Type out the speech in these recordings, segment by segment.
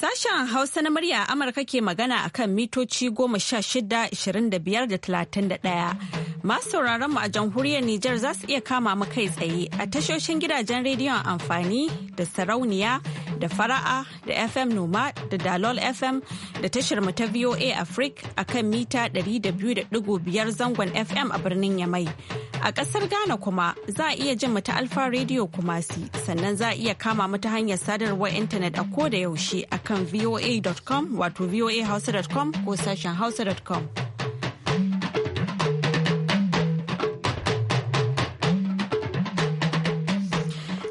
Sashen Hausa na murya Amurka ke magana a kan mitoci shida ashirin da biyar da da talatin ɗaya. Masu sauraron mu a jamhuriyar Nijar za su iya kama mu kai tsaye a tashoshin gidajen rediyon amfani da sarauniya da fara'a da FM Noma da Dalol FM da tashar mu ta VOA Africa a kan mita 200.5 zangon FM a birnin Yamai. A ƙasar Ghana kuma za a iya jin mu ta Alfa Radio Kumasi sannan za a iya kama mu ta hanyar sadarwar intanet a ko da yaushe a kan voa.com wato voahausa.com ko sashen hausa.com.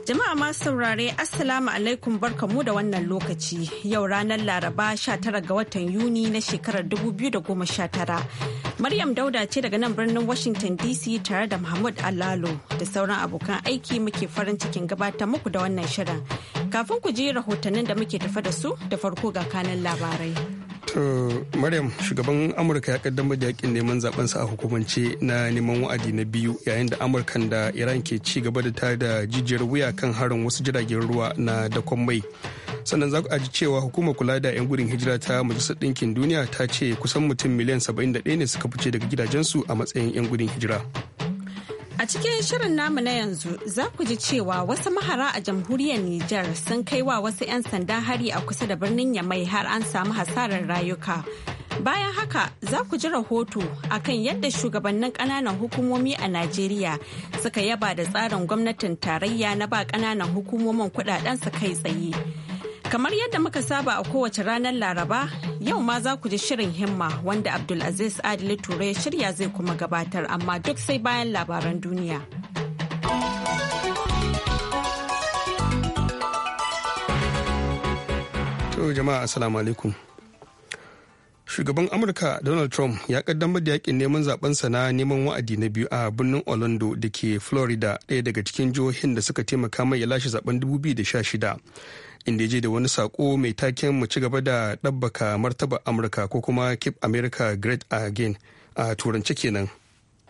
Jama'a masu saurare Assalamu alaikum barkamu da wannan lokaci yau ranar Laraba 19 ga watan Yuni na shekarar 2019. Maryam Dauda ce daga nan birnin Washington DC tare da Muhammad Alalo da sauran abokan aiki muke farin cikin gabatar muku da wannan shirin. Kafin ku ji rahotannin da muke tafa da su da farko ga kanan labarai. Maryam shugaban Amurka ya kaddamar da yakin neman zabensa a hukumance na neman wa'adi na biyu yayin da Amurkan da Iran ke ci gaba da tare da jijiyar wuya kan harin wasu jiragen ruwa na dakon mai. Sannan za ku aji cewa hukumar kula da 'yan gudun hijira ta Majalisar Ɗinkin Duniya ta ce kusan mutum miliyan 71 ne suka fice daga gidajensu a matsayin 'yan gudun hijira. A cikin shirin namu na yanzu za ku ji cewa wasu mahara a jamhuriyar Nijar sun kai wa wasu 'yan sandan hari a kusa da birnin Yamai har an samu hasarar rayuka. Bayan haka za ku ji rahoto a kan yadda shugabannin ƙananan hukumomi a Najeriya suka yaba da tsarin gwamnatin tarayya na ba ƙananan hukumomin kudaden su kai tsaye. Kamar yadda muka saba a kowace ranar Laraba, yau ma za ku ji shirin himma wanda Abdulaziz Adili Ture shirya zai kuma gabatar amma duk sai bayan labaran duniya. To jama'a assalamu alaikum. Shugaban Amurka Donald Trump ya kaddamar da yakin neman sa na neman wa'adi na biyu a birnin Orlando da ke Florida ɗaya daga cikin jihohin da suka taimaka mai ya lashe zaben 2016. inda ya je da wani sako mai taken mu ci gaba da ɗabbaka martaba amurka ko kuma keep america great again a turance kenan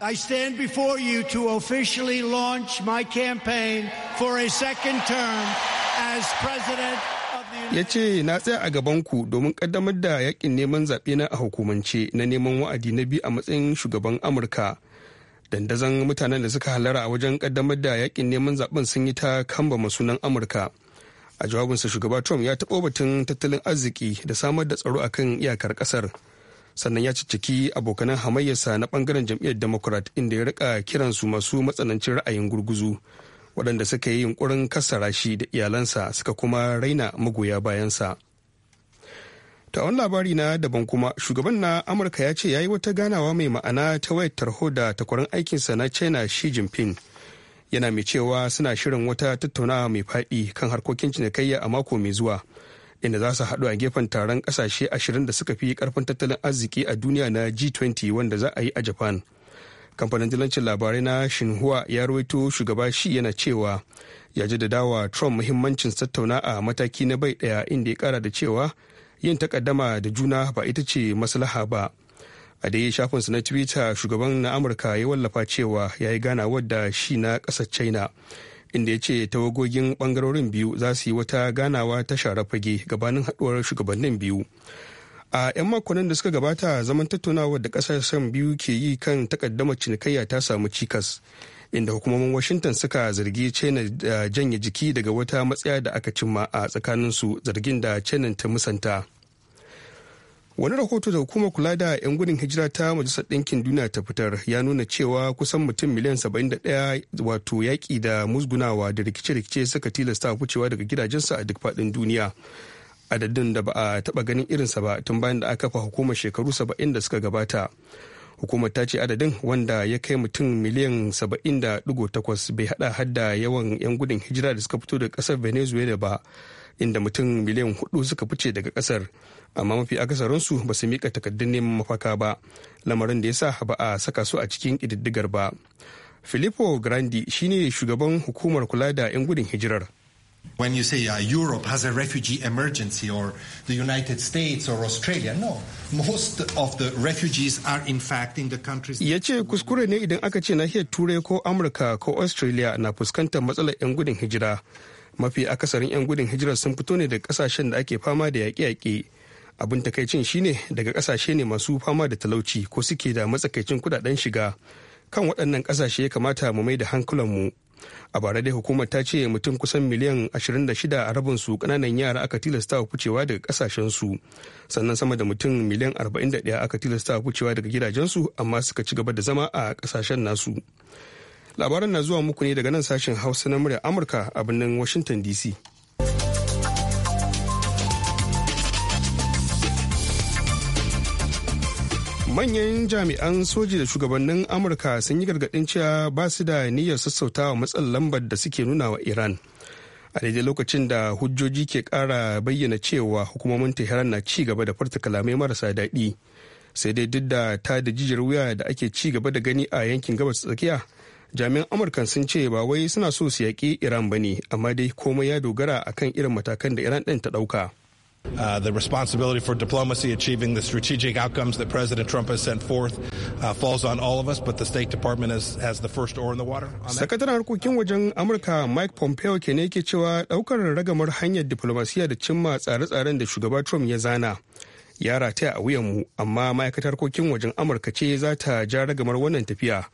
I stand before you to officially launch my campaign for a second term as president ya ce na tsaya a gaban ku domin kaddamar da yakin neman zaɓe na a hukumance na neman wa'adi na biyu a matsayin shugaban amurka dandazan mutanen da suka halara a wajen kaddamar da yakin neman zaɓen sun yi ta kamba masunan amurka a jawabinsa shugaba trump ya taɓo batun tattalin arziki da samar da tsaro akan iyakar ƙasar sannan ya cicciki abokanan hamayyarsa na ɓangaren jam'iyyar democrat inda ya rika kiransu masu matsanancin ra'ayin gurguzu waɗanda suka yi yunkurin kassara shi da iyalansa suka kuma raina magoya bayansa ta wani labari na daban kuma shugaban na amurka ya ce ya yi wata ganawa mai ma'ana ta wayar tarho da takwaran aikinsa na china shi jinping yana mai cewa suna shirin wata tattaunawa mai faɗi kan harkokin cinikayya a mako mai zuwa inda za su haɗu a gefen taron ƙasashe ashirin da suka fi karfin tattalin arziki a duniya na g20 wanda za a yi a japan kamfanin dilancin labarai na shinhua ya rawaito shugaba shi yana cewa ya dawa trump muhimmancin tattauna a mataki na bai ɗaya inda ya kara da cewa yin takaddama da juna ba ita ce maslaha ba a dai shafinsa na twitter shugaban na amurka ya wallafa cewa ya yi ganawar da shi na ƙasar china inda ya ce tawagogin bangarorin biyu za su yi wata ganawa ta share fage gabanin haɗuwar shugabannin biyu a 'yan makonnin da suka gabata zaman tattaunawar da ƙasashen biyu ke yi kan takaddamar cinikayya ta samu cikas inda hukumomin washington suka zargi china da janye jiki daga wata matsaya da aka cimma a tsakanin su zargin da china ta musanta wani rahoto da hukumar kula da 'yan gudun hijira ta majalisar ɗinkin duniya ta fitar ya nuna cewa kusan mutum miliyan 71 wato yaƙi da musgunawa da rikice-rikice suka tilasta fucewa daga gidajensa a duk faɗin duniya adadin da ba a taɓa ganin irinsa ba tun bayan da aka fa hukumar shekaru 70 da suka gabata hukumar ta ce adadin wanda ya kai mutum miliyan 70.8 bai hada hadda yawan 'yan gudun hijira da suka fito daga kasar venezuela ba inda mutum miliyan 4 suka fice daga kasar. amma mafi akasarinsu ba su mika takaddun neman mafaka ba lamarin da ya sa ba a saka su a cikin ƙididdigar ba filippo grandi shine shugaban hukumar kula da 'yan gudun hijirar when you say uh, Europe has a refugee emergency or the United States or Australia. No, most of the refugees are in fact in the countries. Ya ce kuskure ne idan aka ce nahiyar Turai ko Amurka ko Australia na fuskantar matsalar 'yan gudun hijira. Mafi akasarin 'yan gudun hijira sun fito ne da kasashen da ake fama da yaƙe-yaƙe abin takaicin shine daga kasashe ne masu fama da talauci ko suke da matsakaicin kudaden shiga kan waɗannan kasashe ya kamata mu mai da hankulanmu a bara dai hukumar ta ce mutum kusan miliyan 26 a rabin su kananan yara aka tilasta wa kucewa daga kasashen su sannan sama da mutum miliyan 41 aka tilasta wa kucewa daga gidajensu amma suka ci gaba da zama a kasashen nasu labaran na zuwa muku ne daga nan sashen hausa na murya amurka a birnin washington dc manyan jami'an soji da shugabannin amurka sun yi gargaɗin cewa ba su da niyyar sassauta wa matsalar lambar da suke nuna wa iran a daidai lokacin da hujjoji ke ƙara bayyana cewa hukumomin tehran na ci gaba da farta kalamai marasa daɗi sai dai duk da ta da jijiyar wuya da ake ci gaba da gani a yankin gabas tsakiya jami'an amurka sun ce ba wai suna so su yaƙi iran ba ne amma dai komai ya dogara akan irin matakan da iran ɗin ta ɗauka. Uh, the responsibility for diplomacy, achieving the strategic outcomes that President Trump has sent forth, uh, falls on all of us, but the State Department has, has the first oar in the water. Sakataren harkokin wajen Amurka Mike Pompeo ke ne yake cewa daukar ragamar hanyar diplomasiya da cimma tsare-tsaren da shugaba Trump ya zana. Ya rataya a wuyanmu, amma ma'aikatar harkokin wajen Amurka ce za ta ja ragamar wannan tafiya.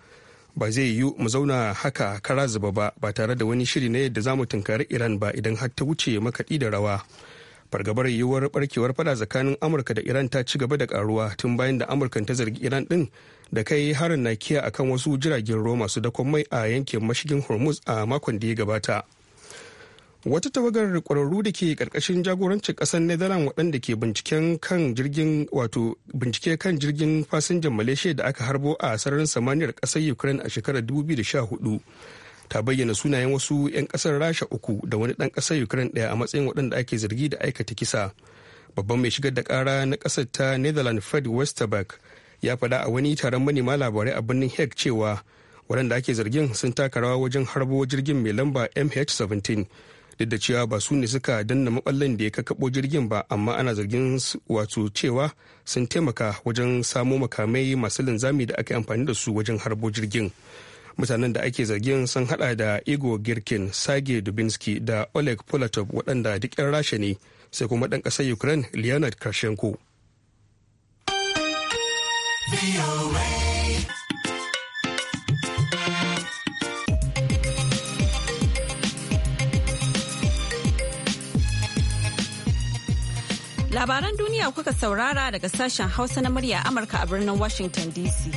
Ba zai yiwu mu zauna haka kara zuba ba ba tare da wani shiri na yadda za mu tunkari Iran ba idan har ta wuce makaɗi da rawa. fargabar yiwuwar barkewar fada tsakanin amurka da iran ta ci gaba da karuwa tun bayan da amurka ta zargi iran din da kai harin nakiya akan wasu jiragen ruwa masu dakon mai a yankin mashigin hormuz a makon da ya gabata wata tawagar kwararru da ke karkashin jagorancin kasar netherlands waɗanda ke wato bincike kan jirgin fasinjan malaysia da aka harbo a sararin samaniyar ƙasar ukraine a shekarar 2014 ta bayyana sunayen wasu 'yan kasar rasha uku da wani dan kasar ukraine daya a matsayin waɗanda ake zargi da aikata kisa babban mai shigar da kara na kasar ta netherlands fred westerberg ya fada a wani taron manema labarai a birnin hague cewa waɗanda ake zargin sun taka rawa wajen harbo jirgin mai lamba mh17 duk da cewa ba su ne suka danna maballin da ya kakabo jirgin ba amma ana zargin wato cewa sun taimaka wajen samo makamai masu linzami da aka yi amfani da su wajen harbo jirgin. mutanen da ake zargin sun hada da igor girkin sage dubinsky da oleg polatov waɗanda duk 'yan rasha ne sai kuma ɗan ƙasar ukraine leonard karshenko labaran duniya kuka saurara daga sashen hausa na murya amurka a birnin washington dc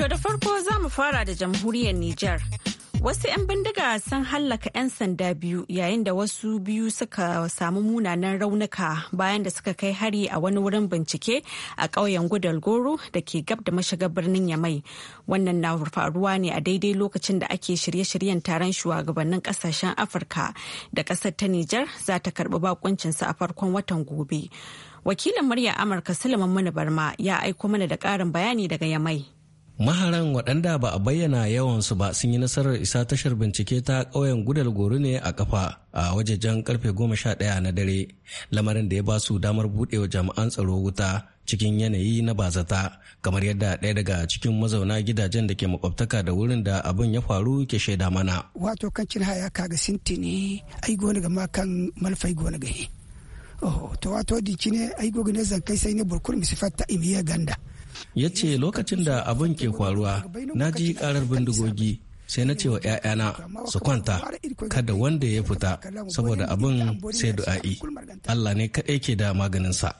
To da farko za mu fara da jamhuriyar Nijar. Wasu 'yan bindiga sun hallaka 'yan sanda biyu yayin da wasu biyu suka samu munanan raunuka bayan da suka kai hari a wani wurin bincike a ƙauyen gudal goro da ke gab da mashigar birnin Yamai. Wannan na faruwa ne a daidai lokacin da ake shirye-shiryen taron shugabannin ƙasashen Afirka da ƙasar ta Nijar za ta karɓi bakuncinsa a farkon watan gobe. Wakilin murya Amurka Sulaiman Mani Barma ya aiko mana da ƙarin bayani daga Yamai. maharan waɗanda ba a bayyana yawansu ba sun yi nasarar isa tashar bincike ta ƙauyen gudal goro ne a kafa a wajejen karfe goma sha ɗaya na dare lamarin da ya ba su damar buɗewa jami'an tsaro wuta cikin yanayi na bazata kamar yadda ɗaya daga cikin mazauna gidajen da ke makwabtaka da wurin da abin ya faru ke shaida mana wato kan cin haya kaga sinti ne ai gona ga kan malfai gona ga oh, to wato dinki ne ai gona zan kai sai ne burkur misifat ta imiya ganda ya ce lokacin da abin ke kwaruwa, na ji karar bindigogi sai na ce wa 'ya'yana su kwanta kada wanda ya fita saboda abin sai du'a'i Allah ne kaɗai ke da maganinsa.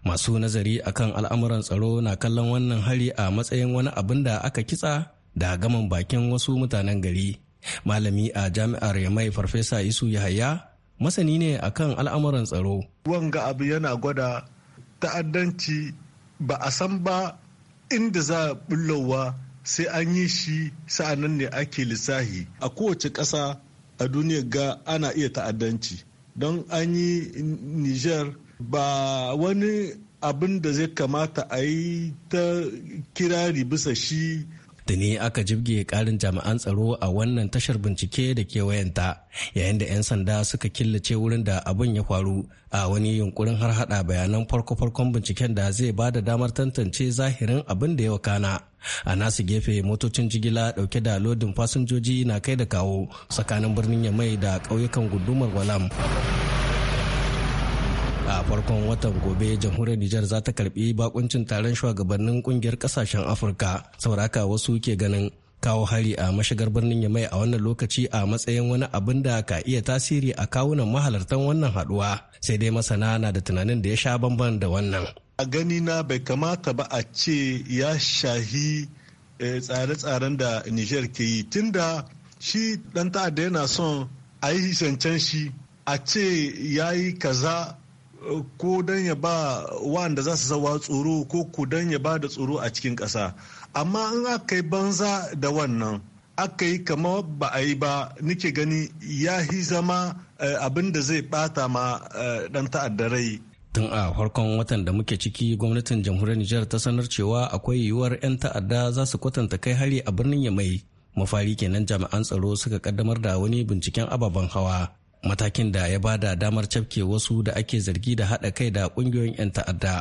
Masu nazari akan al'amuran tsaro na kallon wannan hari a matsayin wani abin da aka kitsa da gaman bakin wasu mutanen gari. Malami a jami'ar Yamai Farfesa Isu Yahaya masani ne akan al'amuran tsaro. Wanga abu yana gwada ta'addanci ba a san ba inda za a bullowa sai an yi shi sa'anan ne ake lissahi a kowace ƙasa a duniya ga ana iya ta'addanci don an yi niger ba wani abin da zai kamata a yi ta kirari bisa shi da ne aka jibge ƙarin jami'an tsaro a wannan tashar bincike da kewayenta yayin da 'yan sanda suka killace wurin da abin ya faru a wani yunkurin har hada bayanan farko-farkon binciken da zai ba da damar tantance zahirin abin da ya wakana. a nasu gefe motocin jigila dauke da lodin fasinjoji na kai da kawo tsakanin birnin yamai da ƙauyukan gudumar walam a farkon watan gobe jamhuriyar nijar za ta karbi bakuncin taron shugabannin kungiyar kasashen afirka sauraka wasu ke ganin kawo hari a mashigar birnin yamai a wannan lokaci a matsayin wani abin da ka iya tasiri a kawunan mahalartan wannan haduwa sai dai masana na da tunanin da ya sha bamban da wannan a gani na bai kamata ba a ce ya shahi eh, tsare-tsaren da niger ke yi tunda shi dan ta'adda yana son a yi zancen shi a ce ya yi kaza ko don ya ba wanda za su zawa tsoro ko ku don ya ba da tsoro a cikin ƙasa amma in aka yi banza da wannan aka yi kama ba a yi ba nike gani ya hi zama eh, abin da zai bata ma dan eh, ta'addarai tun a farkon watan da muke ciki gwamnatin jamhuriyar nijar ta sanar cewa akwai yiwuwar 'yan ta'adda za su kwatanta kai hari a birnin yamai mafari kenan jami'an tsaro suka kaddamar da wani binciken ababen hawa matakin da ya bada damar cafke wasu da ake zargi da haɗa kai da ƙungiyoyin 'yan ta'adda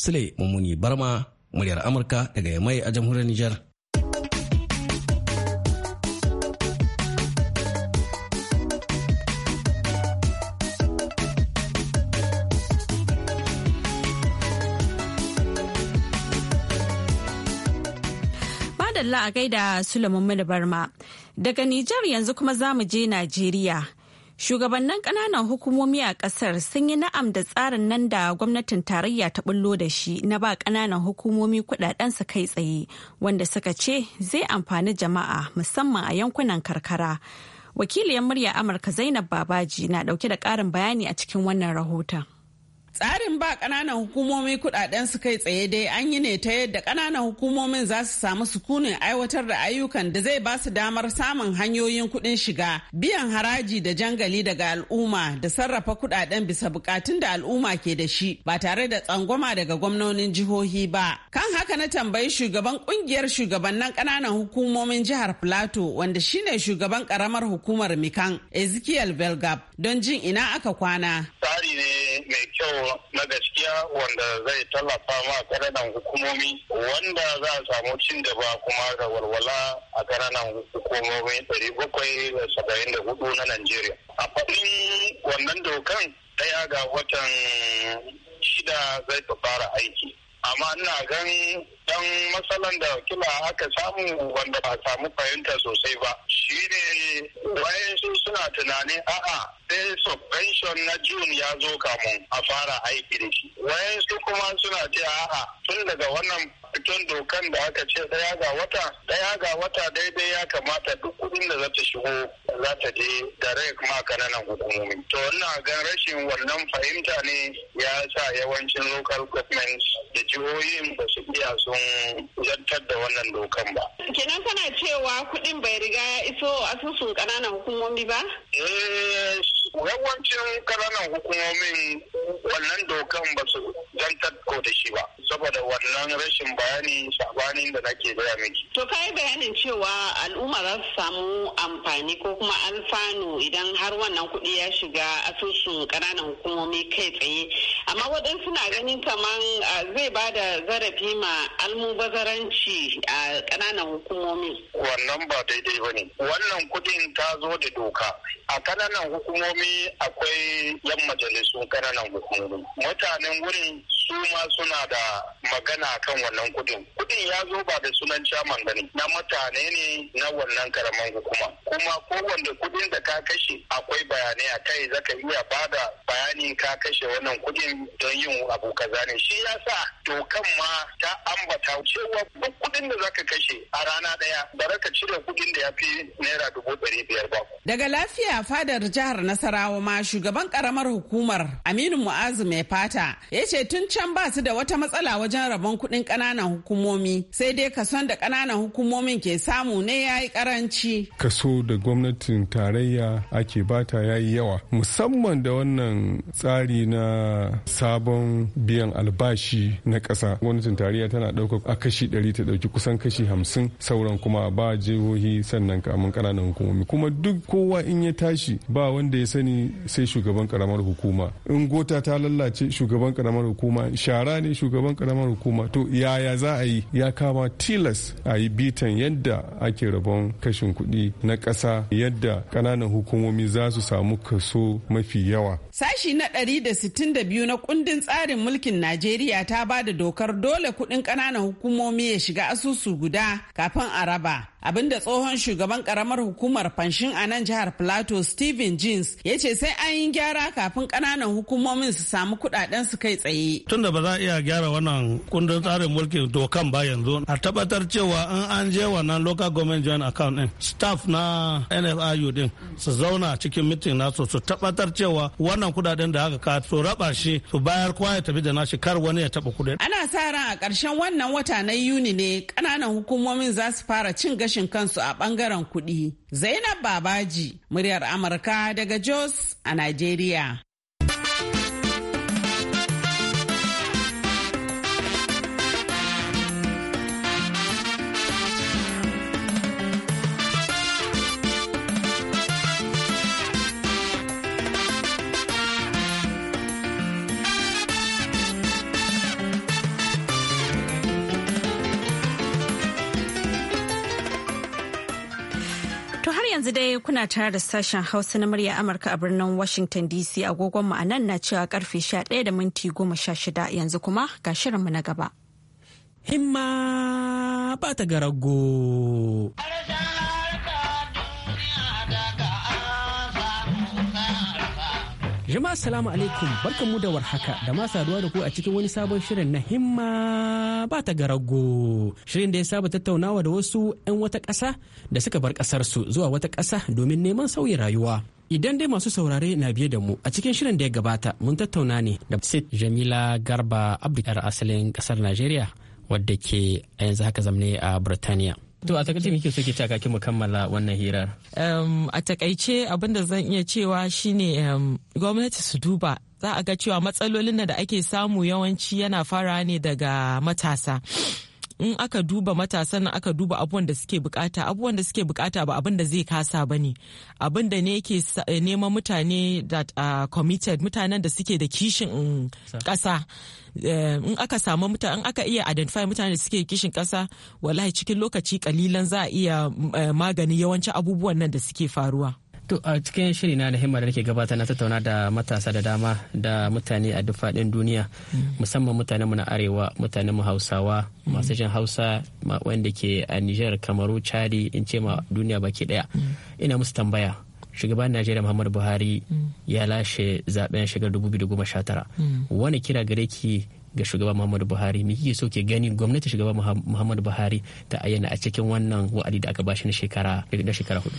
sule mummuni barma muryar amurka daga yamai a jamhuriyar nijar Madalla a gaida Sulaiman Barma. Daga Nijar yanzu kuma za mu je Najeriya. Shugabannin ƙananan hukumomi a ƙasar sun yi na'am da tsarin nan da gwamnatin tarayya ta bullo da shi na ba ƙananan hukumomi su kai tsaye wanda suka ce zai amfani jama'a musamman a yankunan karkara. Wakiliyar murya Amurka Zainab Babaji na ɗauke da ƙarin bayani a cikin wannan rahoton. Tsarin ba ƙananan hukumomi kudaden su kai tsaye dai an yi ne ta yadda ƙananan hukumomin za su samu sukunin aiwatar da ayyukan da zai ba su damar samun hanyoyin kudin shiga, biyan haraji da jangali daga al'umma da sarrafa kudaden bisa bukatun da al'umma ke da shi ba tare da tsangwama daga gwamnonin jihohi ba. Kan haka na tambayi shugaban kungiyar shugabannin ƙananan hukumomin jihar Plateau wanda shine shugaban ƙaramar hukumar Mikan Ezekiel Belgab don jin ina aka kwana. Tsari ne mai kyau na gaskiya wanda zai tallafa ma karanan hukumomi wanda za a samu cin gaba kuma da walwala a karanan hukumomi ɗari bakwai da saba'in da hudu na Najeriya. A faɗin wannan dokan ɗaya ga watan shida zai fara aiki. amma ina gan dan matsalan da kila aka samu wanda ba samu fahimta sosai ba shine wayansu suna tunanin a'a sai subvention na june ya zo kamun a fara aiki da shi wayansu kuma suna ce a'a tun daga wannan cikin dokan da aka ce daya ga wata daya ga wata daidai ya kamata duk kudin da za ta shigo za ta je direct ma kananan hukumomi to ina gan rashin wannan fahimta ne ya sa yawancin local government da jihohin ba su iya sun yantar da wannan dokan ba kenan kana cewa kudin bai riga ya iso asusun kananan hukumomi ba eh yawancin kananan hukumomin wannan dokan ba su zantar ko da shi ba saboda wannan rashin bayani sabanin da nake gaya miki. To kai bayanin cewa al'umma za su samu amfani ko kuma alfanu idan har wannan kuɗi ya shiga asusun ƙananan hukumomi kai tsaye. Amma waɗansu na ganin kaman zai ba da zarafi ma almubazaranci a ƙananan hukumomi. Wannan ba daidai ba ne. Wannan kuɗin ta zo da doka. A ƙananan hukumomi akwai yan majalisun ƙananan hukumomi. Mutanen wurin su ma suna da magana kan wannan kudin kudin ya zo ba da sunan chairman gani na mutane ne na wannan karaman hukuma kuma kowanne kudin da ka kashe akwai bayanai a kai zaka iya bada bayani ka kashe wannan kudin don yin abu kaza ne shi yasa dokan ma ta ambata cewa duk kudin da zaka kashe a rana daya ba ka cire kudin da ya fi naira dubu ɗari biyar ba. Daga lafiya fadar jihar Nasarawa ma shugaban karamar hukumar Aminu Mu'azu mai fata ya ce tun can ba su da wata matsala wajen rabon kudin ƙananan ƙananan hukumomi sai dai kason da ƙananan hukumomin ke samu ne ya yi karanci. Kaso da gwamnatin tarayya ake bata ya yi yawa musamman da wannan tsari na sabon biyan albashi na ƙasa gwamnatin tarayya tana ɗauka a kashi ɗari ta ɗauki kusan kashi hamsin sauran kuma ba jihohi sannan kamun ƙananan hukumomi kuma duk kowa in ya tashi ba wanda ya sani sai shugaban ƙaramar hukuma in gota ta lallace shugaban ƙaramar hukuma shara ne shugaban ƙaramar hukuma to yaya ya za a yi ya kama tilas a yi bitan yadda ake rabon kashin kuɗi na ƙasa yadda ƙananan hukumomi za su samu kaso mafi yawa. Sashi na 162 na kundin tsarin mulkin Najeriya ta ba da dokar dole kuɗin ƙananan hukumomi ya shiga asusu guda kafin a raba. abinda tsohon shugaban karamar hukumar fanshin a nan jihar plateau steven jeans ya ce sai an yi gyara kafin kananan hukumomin su samu kudaden su kai tsaye tunda ba za a iya gyara wannan kundin tsarin mulkin dokan ba yanzu a tabbatar cewa in an je wannan local government joint account din staff na nfiu din su zauna cikin mitin nasu su tabbatar cewa wannan kudaden da aka ka su raba shi su bayar kwaya tafi da nashi kar wani ya taba kudin ana sa ran a ƙarshen wannan wata na yuni ne kananan hukumomin za su fara cin gashi gashin kansu a bangaren kuɗi. Zainab Babaji, muryar Amurka daga Jos a Najeriya. yanzu dai kuna tare da sashen Hausa na murya Amurka a birnin Washington DC agogon mu nan na cewa karfe 11 da minti shida, yanzu kuma ga shirinmu na gaba. Himma ba ta garago. Jama'a salamu alaikum barkanmu da warhaka da ma saduwa da ku a cikin wani sabon shirin na himma ba ta garago. Shirin da ya saba tattaunawa da wasu 'yan wata ƙasa da suka bar ƙasar su zuwa wata ƙasa domin neman sauyin rayuwa. Idan dai masu saurare na biye da mu a cikin shirin da ya gabata mun tattauna ne da Sid Jamila Garba abdul asalin ƙasar Najeriya wadda ke a yanzu haka zamne a Burtaniya. To a takaice muke so ke taka ki mu kammala wannan hirar. a takaice abin da zan iya cewa shine gwamnati su duba za a ga cewa matsalolin da ake samu yawanci yana fara ne daga matasa. in aka duba matasan aka duba abubuwan da suke bukata abubuwan da suke bukata ba abin da zai kasa ba ne abin da ne ke eh, neman mutane that are committed mutanen da suke da kishin kasa Eh, in aka samu mutane in aka iya identify mutane da suke kishin kasa wallahi cikin lokaci kalilan za a iya eh, magani yawancin abubuwan nan da suke faruwa To a cikin shiri na himma da nake gabata na tattauna da matasa da dama da mutane a duk faɗin duniya mm. musamman mutanen mu na arewa mutanen mu Hausawa mm. masu jin Hausa wanda ke a Nijar Kamaru Chadi in ce ma duniya baki daya mm. ina musu tambaya shugaban Najeriya Muhammadu Buhari ya lashe zaben shekarar 2019 hmm. wani kira gare ki ga shugaba muhammadu buhari me kike so ke gani gwamnati shugaba muhammadu buhari ta ayyana a cikin wannan wa'adi da aka bashi na shekara na shekara hudu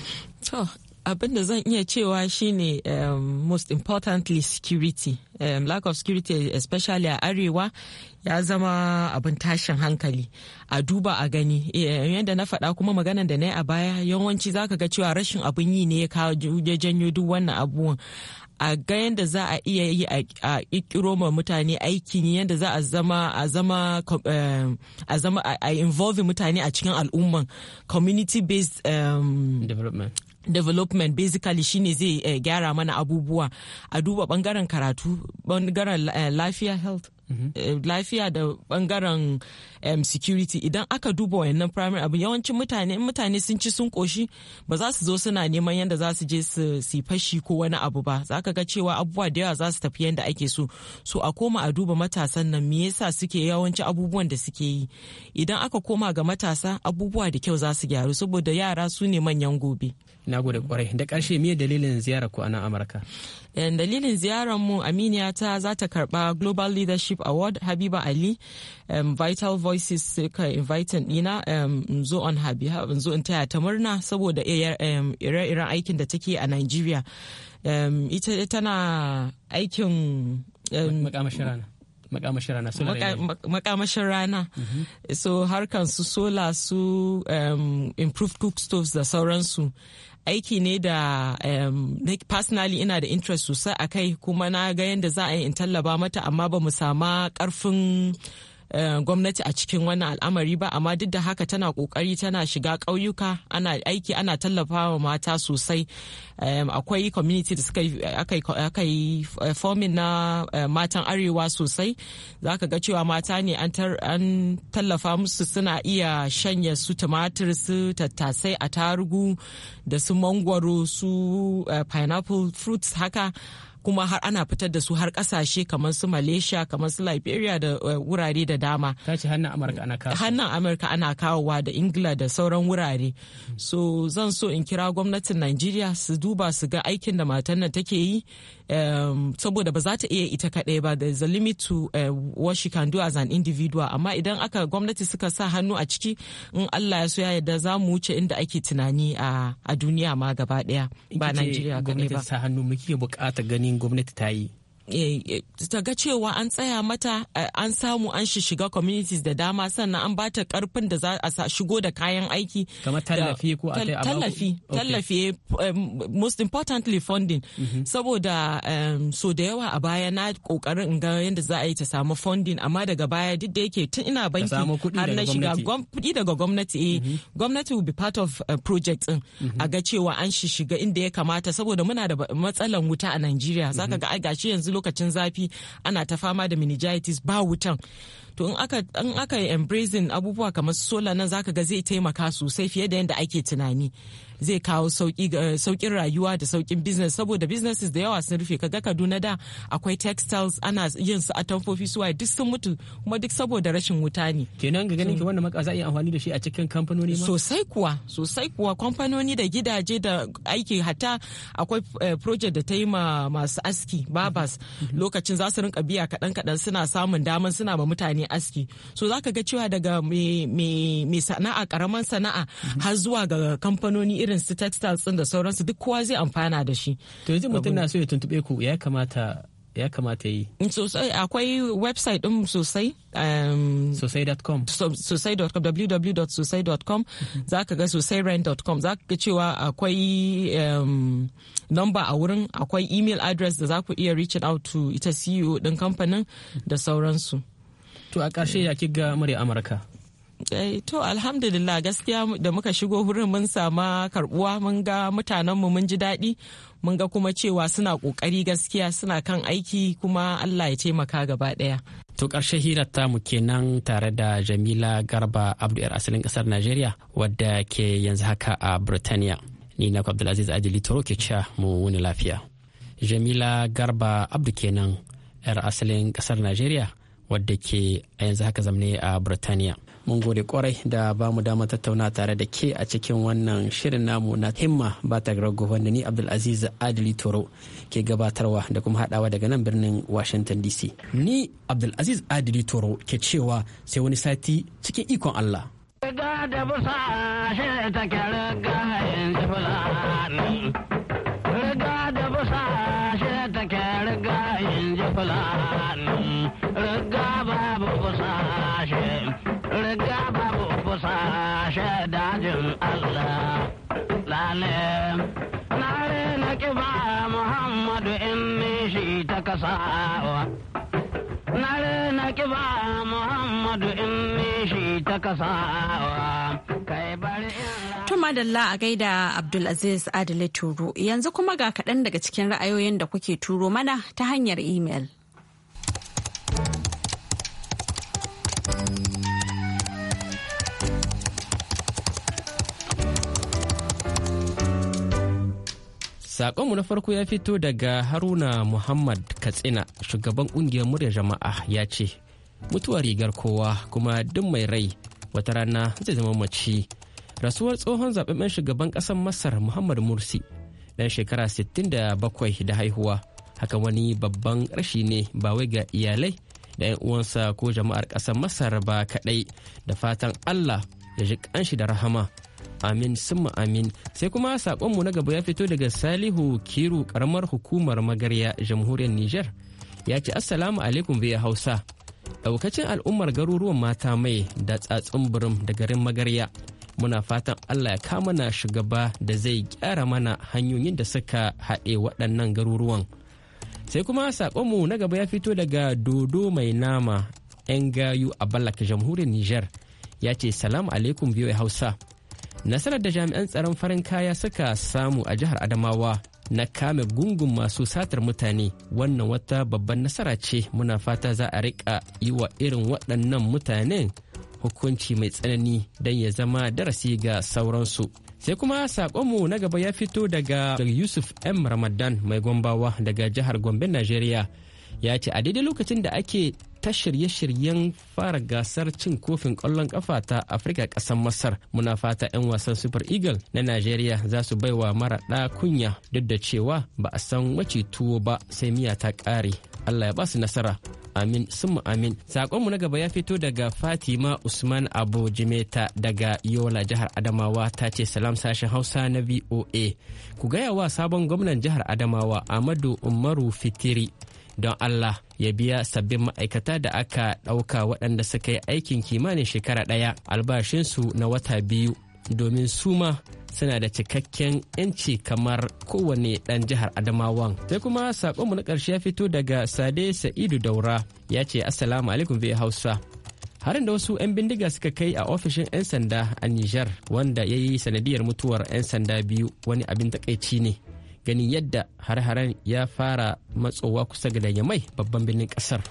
abin da zan iya cewa shine um, most importantly security um, lack of security especially a arewa ya zama abin tashin hankali a duba a gani eh, yadda na faɗa kuma magana da na yi a baya yawanci zaka ga cewa rashin abin yi ne ya kawo ya janyo duk wannan abubuwan a ga yadda za a iya yi a ƙirƙiro ma mutane aikin yadda za a zama a zama um, a involve mutane a cikin al'umman community based um, development basically shine zai eh, gyara mana abubuwa a duba bangaren karatu bangaren eh, lafiya health Eh, lafiya da bangaren security idan aka duba wayannan primary abin yawancin mutane mutane sun ci sun koshi ba za su zo suna neman yadda za su je su fashi ko wani abu ba za ka ga cewa abubuwa da yawa za su tafi yadda ake so so a koma a duba matasan nan me yasa suke yawanci abubuwan da suke yi idan aka koma ga matasa abubuwa da kyau za su gyaru saboda yara su ne manyan gobe na gode kwarai da ƙarshe me dalilin ziyarar ku a nan amurka dalilin ziyarar mu aminiya ta za ta karba global leadership award habiba ali um, vital voices suka invite dina um, zo on habiha zo in taya ta murna saboda um, ire-iren aikin da take a nigeria um, ita tana aikin um, makamashin rana solar makamashin rana mm-hmm. so harkan su solar su um, improved cook stoves da sauransu aiki ne da um, personally ina da interest sosai a kai kuma na ga yadda za a yi in tallaba mata amma ba mu sama karfin Eh, gwamnati a cikin wannan al'amari ba amma duk da haka tana kokari tana shiga ƙauyuka ana aiki ana tallafawa mata sosai akwai community da suka aka yi eh, formin na eh, matan arewa sosai za ka ga cewa mata ne an tallafa musu suna iya shanya su tumatir su tattasai a tarugu da su mangwaro su pineapple fruits haka kuma har ana fitar da su har kasashe kamar su malaysia kamar su liberia da eh, wurare da dama tashi hannun amurka ana kawo hannan amurka ana kawowa da ingila da sauran wurare so zan so in kira gwamnatin nigeria su duba su ga aikin da matar nan take yi um, saboda ba za ta iya ita kaɗai ba there is a limit to uh, what she can do as an individual amma idan aka gwamnati suka sa hannu a ciki in Allah ya so ya yarda za mu wuce inda ake tunani a, duniya ma gaba ɗaya ba Nigeria kaɗai ba. Gwamnati sa hannu muke buƙatar ganin gwamnati ta yi. ta ga cewa an tsaya mata eh, an samu an shiga communities da dama sannan an bata karfin da za a shigo da kayan aiki tallafi ko a tallafi tallafi eh, most importantly funding mm-hmm. saboda so da yawa a baya na kokarin in ga yadda za a yi ta samu funding amma daga baya duk da yake tun ina banki har na shiga kuɗi daga gwamnati eh mm-hmm. gwamnati will be part of eh, project din mm-hmm. a ga cewa an shiga inda ya kamata saboda muna da matsalan wuta a Najeriya zaka ga gashi yanzu lokacin zafi ana ta fama da meningitis ba wutan to in aka in aka embracing abubuwa kamar sola nan zaka ga zai taimaka sosai fiye da yadda ake tunani zai kawo sauƙin eh, rayuwa da sauƙin business saboda businesses da yawa sun rufe kaga kaduna da akwai textiles ana yin su a tamfofi suwa duk sun mutu kuma duk saboda rashin wuta ne kenan ga ganin ki wannan maka za a yi amfani da shi a cikin kamfanoni ma sosai kuwa sosai kuwa kamfanoni da gidaje da aiki hata akwai eh, project da ta yi ma masu aski babas mhm. lokacin za su rinka biya kaɗan kaɗan suna samun daman suna ma mutane aski so za ka ga cewa daga mai sana'a karaman sana'a mhm. har zuwa ga kamfanoni irin irin su textiles din da sauransu duk kowa zai amfana da shi to yanzu mutum na so ya tuntube ku ya kamata ya kamata yi sosai akwai website din sosai sosai.com um, sosai.com www.sosai.com mhm. za ka ga sosai rent.com za ka ga cewa akwai namba um, number a wurin akwai email address da za ku iya reaching out to ita ceo din kamfanin da sauransu to a ƙarshe ya ga murya amurka Eh, to alhamdulillah gaskiya da muka shigo wurin mun sama karbuwa mun ga mutanenmu mun ji daɗi mun ga kuma cewa suna ƙoƙari gaskiya suna kan aiki kuma allah ya taimaka gaba ɗaya to ƙarshe hirar mu kenan tare da jamila garba abdu yar asalin ƙasar najeriya wadda ke yanzu haka a birtaniya ni na abdulaziz ajili toro ke cewa mu wuni lafiya jamila garba abdu kenan yar asalin ƙasar najeriya wadda ke yanzu haka zamne a birtaniya mun gode kwarai da ba mu dama tattauna tare da ke a cikin wannan shirin namu na himma ba ta rago wanda ni abdulaziz adili toro ke gabatarwa da kuma haɗawa daga nan birnin washington dc ni abdulaziz adili toro ke cewa sai wani sati cikin ikon allah Riga da busa shi take riga yin Riga da busa shi take riga yin sha dajin Allah lale na na kiba Muhammadu in shi ta kasawa na na kiba Muhammadu in shi ta kasawa kai bari madalla a gaida Abdulaziz Adile turu yanzu kuma ga kaɗan daga cikin ra'ayoyin da kuke turo mana ta hanyar imel. Sakonmu na farko ya fito daga Haruna Muhammad Katsina, shugaban ƙungiyar murya jama'a ya ce, Mutuwar rigar kowa kuma duk mai rai wata rana zai zama mace. Rasuwar tsohon zaɓaɓɓen shugaban ƙasar Masar Muhammad Mursi, ɗan shekara 67 da haihuwa, haka wani babban rashi ne ba wai ga iyalai da 'yan uwansa ko jama'ar ƙasar Masar ba kaɗai da fatan Allah ya ji ƙanshi da rahama. amin summa amin sai kuma sakonmu na gaba ya fito daga salihu kiru karamar hukumar magarya jamhuriyar niger ya ce assalamu alaikum biya hausa daukacin al'ummar garuruwan mata mai da tsatsun birim da garin magarya muna fatan allah ya kama na shugaba da zai gyara mana hanyoyin da suka haɗe waɗannan garuruwan sai kuma sakonmu na gaba ya fito daga dodo mai nama 'yan gayu a ballaka jamhuriyar niger ya ce salamu alaikum biyo hausa nasarar da jami'an tsaron farin kaya suka samu a jihar adamawa na kame gungun masu satar mutane wannan wata babban nasara ce muna fata za a rika yi wa irin waɗannan mutanen hukunci mai tsanani don ya zama darasi ga sauransu sai kuma saƙonmu na gaba ya fito daga yusuf m ramadan mai gombawa daga jihar gombe najeriya ya ce a daidai lokacin da ake ta shirye-shiryen fara gasar cin kofin ƙwallon ƙafa ta Afirka ƙasar Masar. Muna fata 'yan wasan Super Eagle na Najeriya za su baiwa mara ɗa kunya duk da cewa ba a san wace tuwo ba sai miya ta ƙare. Allah ya ba su nasara. amin sun amin Saƙonmu na gaba ya fito daga fatima usman abu jimeta daga yola jihar adamawa ta ce salam sashen hausa na voa ku gaya wa sabon gwamnan jihar adamawa amadu umaru fitiri don Allah ya biya sabbin ma'aikata da aka ɗauka waɗanda suka yi aikin kimanin shekara ɗaya albashinsu na wata biyu domin suma suna da cikakken 'yanci kamar kowane ɗan jihar adamawan sai kuma saƙonmu na ƙarshe ya fito daga sade sa'idu daura ya ce assalamu alaikum bai hausa harin da wasu 'yan bindiga suka kai a ofishin 'yan sanda a Nijar wanda ya yi sanadiyar mutuwar 'yan sanda biyu wani abin takaici ne ganin yadda har-haren ya fara matsowa kusa ga mai babban birnin kasar.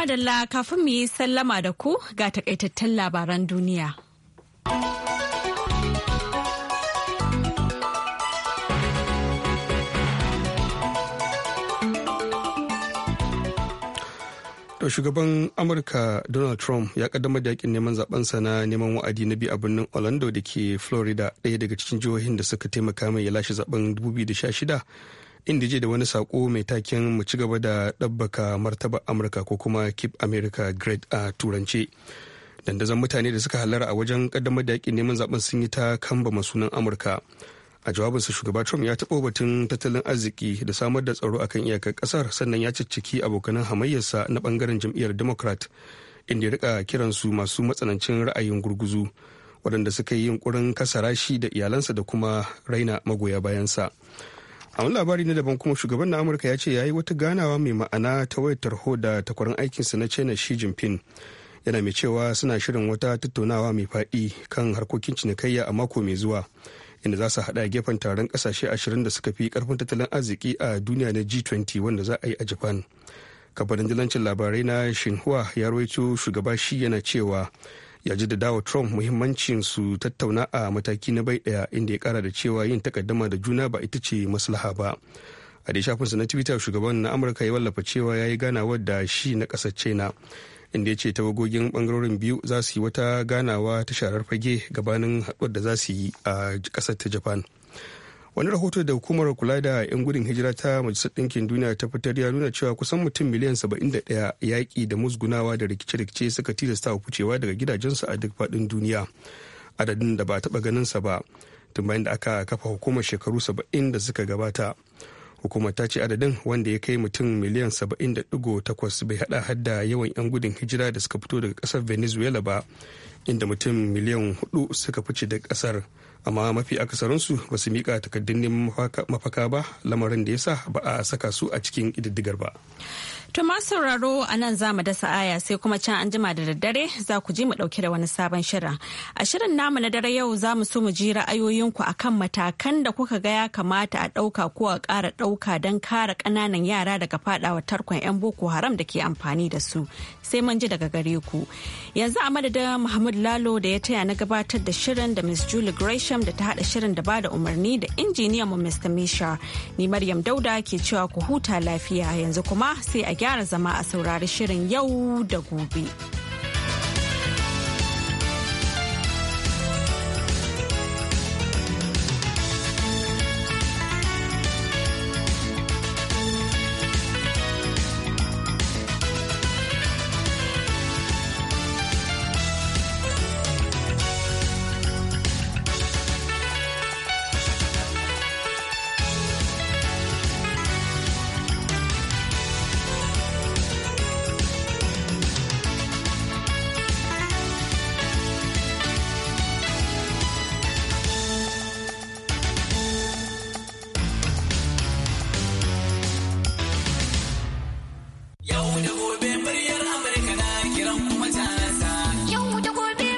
madalla kafin mu yi sallama da ku ga takaitattun labaran duniya. shugaban amurka donald trump ya kaddamar da yakin neman zabensa na neman wa'adi na biyu a birnin orlando da ke florida ɗaya daga cikin jihohin da suka taimaka mai ya lashe zaben 2016 inda je da wani sako mai taken mu ci gaba da ɗabbaka martaba amurka ko kuma keep america great a turance dandazon mutane da suka halara a wajen kaddamar da yakin neman zaben sun yi ta kamba masunan amurka a jawabinsa shugaba trump ya taɓo batun tattalin arziki da samar da tsaro akan iyakar ƙasar sannan ya cicciki abokanan hamayyarsa na ɓangaren jam'iyyar democrat inda ya rika kiransu masu matsanancin ra'ayin gurguzu waɗanda suka yi yunkurin kasara shi da iyalansa da kuma raina magoya bayansa a wani labari na daban kuma shugaban na amurka ya ce ya yi wata ganawa mai ma'ana ta wayar tarho da takwarar aikinsa na china shi jinping yana mai cewa suna shirin wata tattaunawa mai faɗi kan harkokin cinikayya a mako mai zuwa inda za su haɗa gefen taron ƙasashe ashirin da suka fi karfin tattalin arziki a duniya na G20 wanda za a yi a Japan. Kamfanin dalancin labarai na Shinhua ya rawaito shugaba shi yana cewa ya dawa Trump muhimmancin su tattauna a mataki na bai ɗaya inda ya kara da cewa yin takaddama da juna ba ita ce maslaha ba. a da shafinsa na twitter shugaban na amurka ya wallafa cewa ya yi ganawar da shi na ƙasar china inda ya ce tawagogin bangarorin biyu za su yi wata ganawa ta sharar fage gabanin haɗuwar da za su yi a ƙasar ta japan wani rahoto da hukumar kula da 'yan gudun hijira ta majalisar ɗinkin duniya ta fitar ya nuna cewa kusan mutum miliyan 71 yaƙi da musgunawa da rikice-rikice suka tilasta ficewa daga gidajensu a duk faɗin duniya adadin da ba taɓa sa ba tun bayan da aka kafa hukumar shekaru 70 da suka gabata hukumar ta ce adadin wanda ya kai mutum miliyan 70.8 bai hada hadda yawan 'yan gudun hijira da suka fito daga kasar venezuela ba inda mutum miliyan 4 suka fice da kasar amma mafi akasarinsu ba su mika takardun neman mafaka ba lamarin da ya sa ba a saka su a cikin ididdigar ba To masu sauraro a nan za mu dasa aya sai kuma can an jima da daddare za ku ji mu dauke da wani sabon shirin. A shirin namu na dare yau za mu so mu ji ra'ayoyinku a kan matakan da kuka ga ya kamata a ɗauka ko a ƙara ɗauka don kare ƙananan yara daga faɗawa tarkon 'yan Boko Haram da ke amfani da su. Sai mun ji daga gare ku. Yanzu a madadin Muhammad Lalo da ya taya na gabatar da shirin da Miss Julie Gresham da ta haɗa shirin da bada umarni da injiniyan mu Mr. Misha. Ni Maryam Dauda ke cewa ku huta lafiya yanzu kuma sai a gyara zama a saurari shirin yau da gobe.